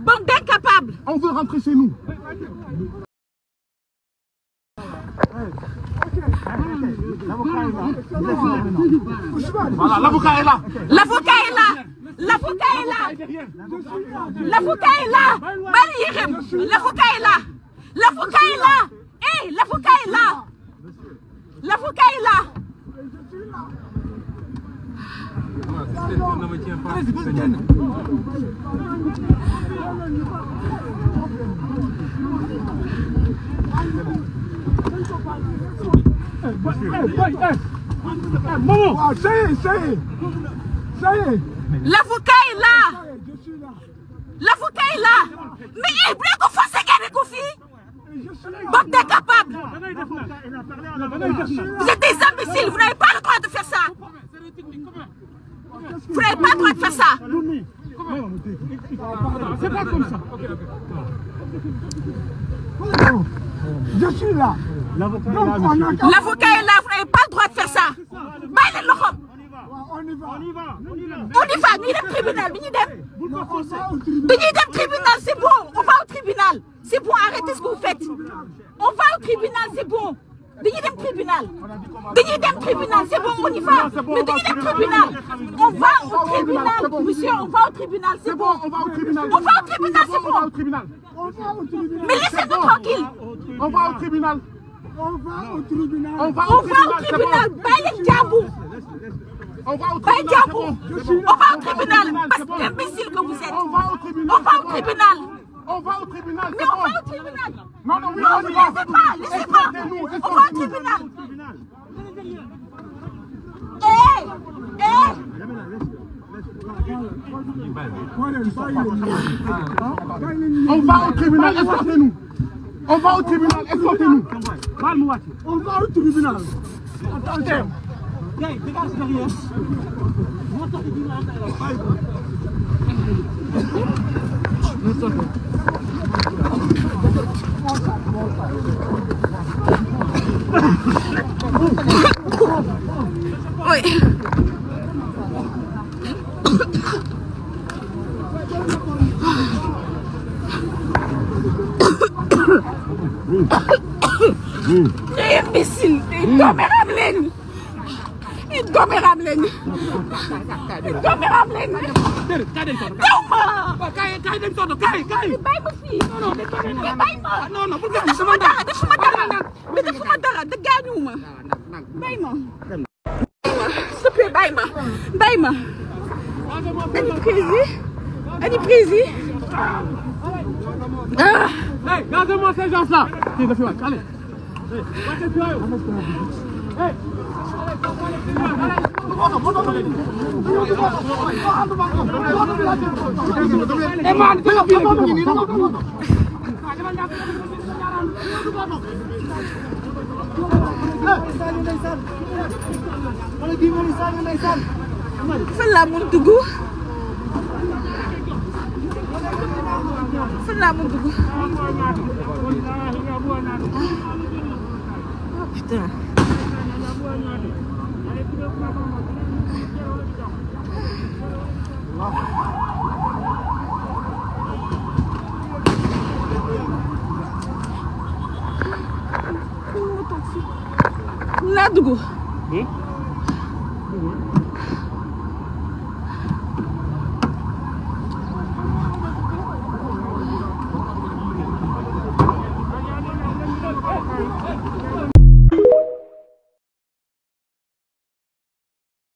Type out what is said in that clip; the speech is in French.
Bande d'incapables On veut rentrer chez nous. Voilà, l'avocat est là. L'avocat est là. L'avocat est là. L'avocat est là. L'avocat est là. L'avocat est là. Hé, eh, l'avocat est là. L'avocat est là. Je suis là ça est L'avocat est là L'avocat est là Mais il eh, blague qu'on fasse avec vos filles capable Vous êtes des imbéciles, vous n'avez pas le droit de faire ça n'avez pas le droit de faire ça. C'est pas comme ça. Je suis là. L'avocat est là, n'avez pas le droit de faire ça. On y va, on y va, on y va. On y va, tribunal, c'est bon. On va au tribunal. C'est bon, arrêtez ce que vous faites. On va au tribunal, c'est bon dañuy dem tribunal dañuy dem tribunal c'est bon on y va mais dañuy tribunal on va au tribunal monsieur on va au tribunal c'est bon on va au tribunal c'est bon on va au tribunal mais laissez-nous tranquille on va au tribunal on va au tribunal on va au tribunal va au tribunal. On va au tribunal. On va au tribunal. Parce que imbécile que vous êtes. On va au tribunal. On va au tribunal. On va au tribunal. Mais on va au tribunal. Non, non, non, non, non, pas, laissez pas On va au tribunal On va au tribunal, nous On va au tribunal, escortez-nous On va au tribunal Attendez derrière capek Imbécile, intolerable laine. Intolerable laine. Intolerable laine. Taw ma. Kaay kaay dem soto kaay kaay. Bay ma fi. Non non, bay ma. Non non, bul def sama dara, def sama dara. Def sama dara, da gaañuma. Bay ma. S'il te plaît, ma moi ma est prise. Elle est hey gardez-moi ces gens-là. Tiens, fais allez. Fala laa mun Fala fan laa ah, putain Laa dugg hmm?